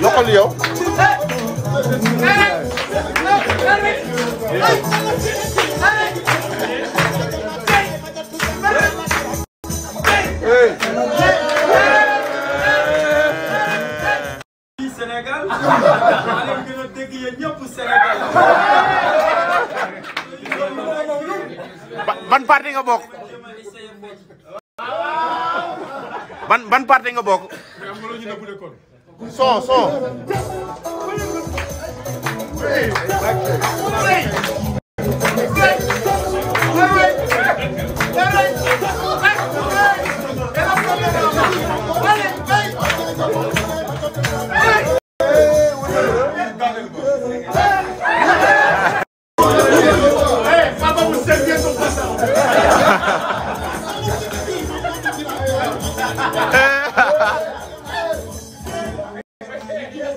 yokkal yow. Sénégal ban parti nga bokk. ban ban parti nga bokk. Som, som. É.